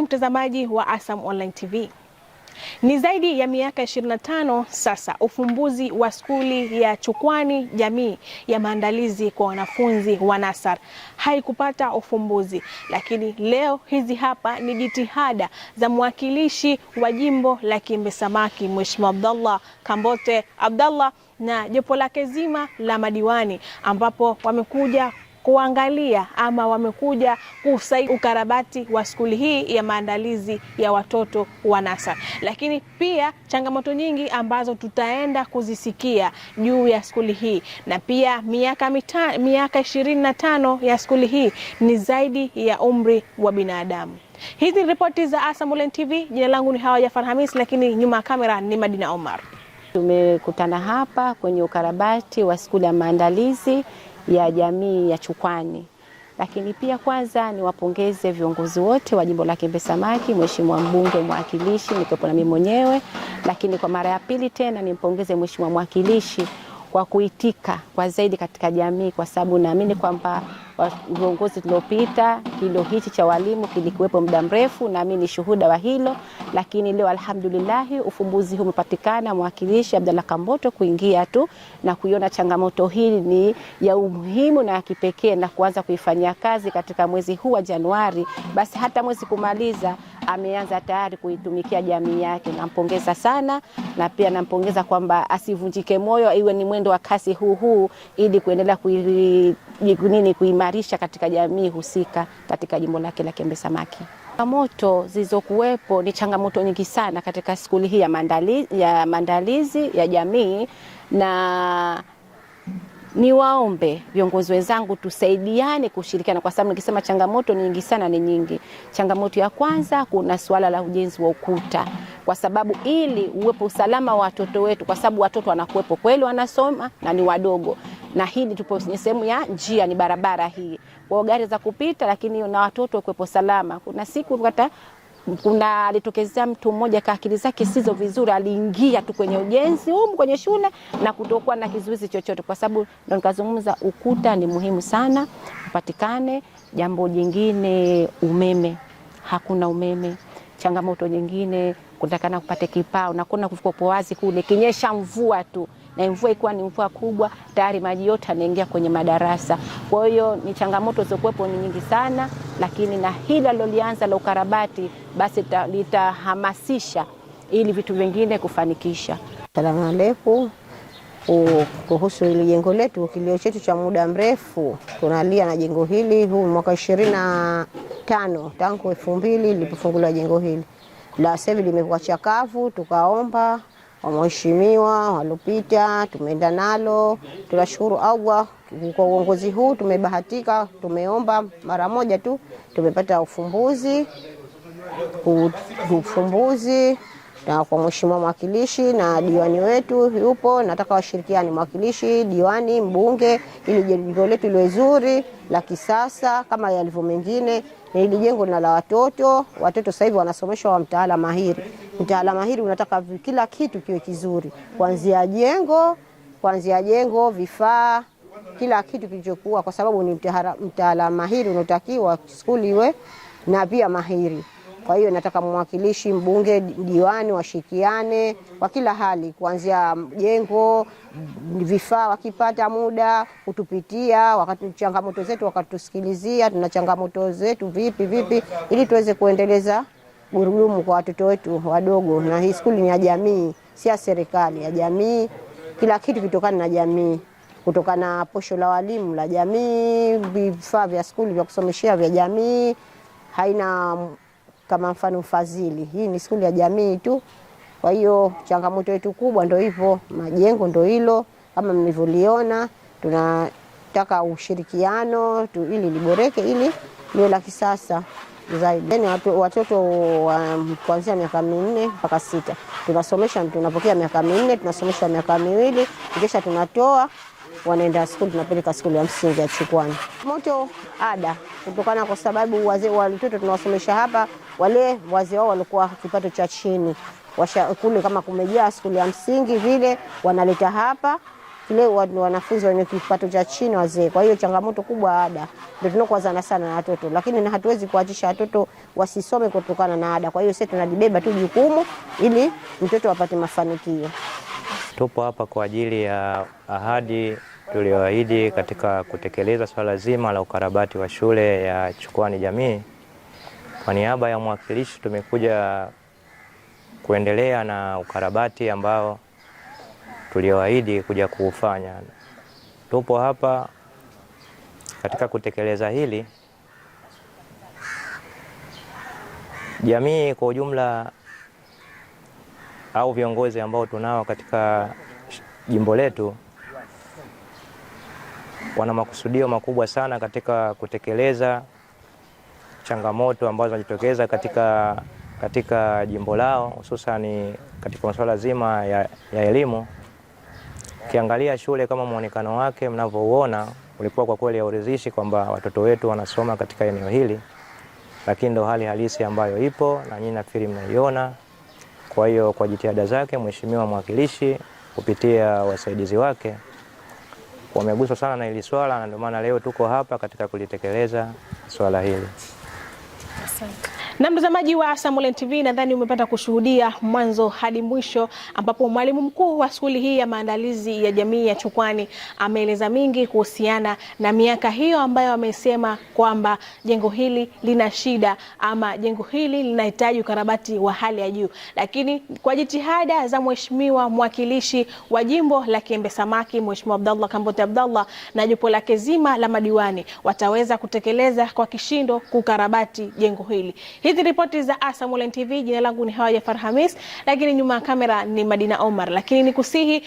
Karibu mtazamaji wa ASAM Online TV. Ni zaidi ya miaka 25 sasa ufumbuzi wa skuli ya Chukwani jamii ya maandalizi kwa wanafunzi wa Nasar haikupata ufumbuzi, lakini leo hizi hapa ni jitihada za mwakilishi wa jimbo la Kiembe Samaki Mheshimiwa Abdallah Kambote Abdallah na jopo lake zima la madiwani ambapo wamekuja kuangalia ama wamekuja kusaidia ukarabati wa skuli hii ya maandalizi ya watoto wa NASA. Lakini pia changamoto nyingi ambazo tutaenda kuzisikia juu ya skuli hii na pia miaka mita, miaka ishirini na tano ya skuli hii ni zaidi ya umri wa binadamu. Hizi ni ripoti za Asam Online TV. Jina langu ni Hawa Jafar Hamis, lakini nyuma ya kamera ni Madina Omar. Tumekutana hapa kwenye ukarabati wa skuli ya maandalizi ya jamii ya Chukwani. Lakini pia kwanza niwapongeze viongozi wote wa jimbo la Kiembe Samaki, mheshimiwa mbunge, mwakilishi, nikiwepo na mimi mwenyewe. Lakini kwa mara ya pili tena nimpongeze mheshimiwa mwakilishi kwa kuitika kwa zaidi katika jamii, kwa sababu naamini kwamba uongozi tuliopita, kilio hichi cha walimu kilikuwepo muda mrefu, na mimi ni shuhuda wa hilo, lakini leo alhamdulillah ufumbuzi huu umepatikana. Mwakilishi Abdalla Kamboto kuingia tu na kuiona changamoto hii ni ya umuhimu na ya kipekee na kuanza kuifanyia kazi katika mwezi huu wa Januari, basi hata mwezi kumaliza ameanza tayari kuitumikia jamii yake. Nampongeza sana na pia nampongeza kwamba asivunjike moyo, iwe ni mwendo wa kasi huu huu ili kuendelea kui nini kuimarisha katika jamii husika katika jimbo lake la Kiembe Samaki. Changamoto zilizokuwepo ni changamoto nyingi sana katika skuli hii ya maandalizi ya, maandalizi, ya jamii na niwaombe viongozi wenzangu tusaidiane kushirikiana, kwa sababu nikisema changamoto ni nyingi sana, ni nyingi. Changamoto ya kwanza, kuna suala la ujenzi wa ukuta, kwa sababu ili uwepo usalama wa watoto wetu, kwa sababu watoto wanakuwepo kweli, wanasoma na ni wadogo na hii tupo ni sehemu ya njia, ni barabara hii kwa gari za kupita, lakini na watoto kuepo salama. Kuna siku hata kuna alitokezea mtu mmoja kwa akili zake sizo vizuri, aliingia tu kwenye ujenzi huko kwenye shule na kutokuwa na kizuizi chochote, kwa sababu ndo nikazungumza, ukuta ni muhimu sana upatikane. Jambo jingine umeme, hakuna umeme. Changamoto nyingine kutakana kupate kipao na kuna kufika kwa wazi kule, kinyesha mvua tu na mvua ikuwa ni mvua kubwa, tayari maji yote yanaingia kwenye madarasa. Kwa hiyo ni changamoto zilizokuwepo ni nyingi sana, lakini na hili alilolianza la ukarabati basi litahamasisha ili vitu vingine kufanikisha. Salamu alaikum. Kuhusu hili jengo letu, kilio chetu cha muda mrefu, tunalia na jengo hili. Huu mwaka ishirini na tano tangu elfu mbili lilipofunguliwa jengo hili, la sasa hivi limekuwa chakavu, tukaomba wa mheshimiwa walopita, tumeenda nalo. Tunashukuru Allah kwa uongozi huu tumebahatika, tumeomba mara moja tu tumepata ufumbuzi ufumbuzi na kwa mheshimiwa mwakilishi na diwani wetu yupo. Nataka washirikiani mwakilishi, diwani, mbunge, ili jengo letu liwe zuri la kisasa kama yalivyo mengine. Ili jengo na la watoto, watoto sasa hivi wanasomeshwa wa mtaala mahiri. Mtaalamu hili unataka kila kitu kiwe kizuri, kuanzia jengo, kuanzia jengo, vifaa, kila kitu kilichokuwa, kwa sababu ni mtaala mahiri unaotakiwa skuli iwe na pia mahiri. Kwa hiyo nataka mwakilishi, mbunge, diwani washikiane kwa kila hali, kuanzia jengo, vifaa, wakipata muda kutupitia, wakati changamoto zetu wakatusikilizia, tuna changamoto zetu vipi vipi, ili tuweze kuendeleza gurudumu kwa watoto wetu wadogo, na hii skuli ni ya jamii, si ya serikali, ya jamii. Kila kitu kitokana na jamii, kutokana na posho la walimu la jamii, vifaa vya skuli vya kusomeshia vya jamii, haina kama mfano ufadhili. Hii ni skuli ya jamii tu. Kwa hiyo changamoto yetu kubwa ndio hivyo, majengo ndio hilo kama mlivyoliona. Tunataka ushirikiano tu ili liboreke, ili liwe la kisasa zaidi. Yaani watoto wa kuanzia miaka minne mpaka sita tunasomesha, tunapokea miaka minne, tunasomesha miaka miwili, kisha tunatoa wanaenda skuli, tunapeleka skuli ya msingi ya Chikwani. Moto ada kutokana, kwa sababu wazee watoto tunawasomesha hapa, wale wazee wao walikuwa kipato cha chini, kule kama kumejaa skuli ya msingi vile wanaleta hapa leo wanafunzi wenye kipato cha chini wazee. Kwa hiyo changamoto kubwa ada ndio tunakuwazana sana na watoto, lakini na hatuwezi kuachisha watoto wasisome kutokana na ada. Kwa hiyo sisi tunajibeba tu jukumu ili mtoto apate mafanikio. Tupo hapa kwa ajili ya ahadi tulioahidi katika kutekeleza swala zima la ukarabati wa shule ya Chukwani Jamii. Kwa niaba ya mwakilishi tumekuja kuendelea na ukarabati ambao tulioahidi kuja kuufanya. Tupo hapa katika kutekeleza hili. Jamii kwa ujumla au viongozi ambao tunao katika jimbo letu wana makusudio makubwa sana katika kutekeleza changamoto ambazo zinajitokeza katika, katika jimbo lao hususani katika masuala zima ya, ya elimu. Ukiangalia shule kama mwonekano wake mnavyouona ulikuwa kwa kweli hauridhishi kwamba watoto wetu wanasoma katika eneo hili, lakini ndo hali halisi ambayo ipo na nyinyi nafikiri mnaiona. Kwa hiyo kwa jitihada zake mheshimiwa mwakilishi kupitia wasaidizi wake wameguswa sana na hili swala, na ndio maana leo tuko hapa katika kulitekeleza swala hili. Asante. Na mtazamaji wa Samulen TV, nadhani umepata kushuhudia mwanzo hadi mwisho, ambapo mwalimu mkuu wa skuli hii ya maandalizi ya jamii ya Chukwani ameeleza mingi kuhusiana na miaka hiyo ambayo amesema kwamba jengo hili lina shida ama jengo hili linahitaji ukarabati wa hali ya juu, lakini kwa jitihada za mheshimiwa mwakilishi wa jimbo la Kiembe Samaki, Mheshimiwa Abdallah Kambote Abdallah na jopo lake zima la madiwani wataweza kutekeleza kwa kishindo kukarabati jengo hili. Hizi ripoti za ASAM Online TV, jina langu ni Hawaja Farhamis, lakini nyuma ya kamera ni Madina Omar, lakini nikusihi